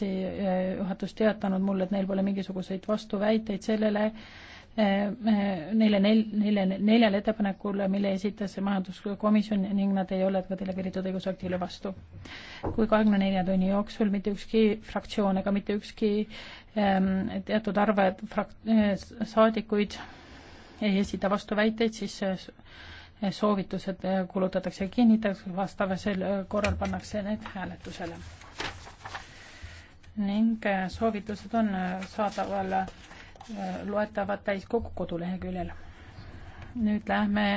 see eh, juhatus teatanud mulle, et neil pole mingisuguseid vastuväiteid sellele, eh, eh, neile nel-, neile neljale ettepanekule, mille esitas majanduskomisjon ning nad ei ole ka delegeeritud õigusaktile vastu. kui kahekümne nelja tunni jooksul mitte ükski fraktsioon ega mitte ükski ähm, teatud arv frak-, saadikuid ei esita vastuväiteid, siis äh, soovitused äh, kulutatakse kinnitamiseks, vastavasel äh, korral pannakse need hääletusele ning äh, soovitused on äh, saadaval äh, loetavad täiskogu koduleheküljel. nüüd lähme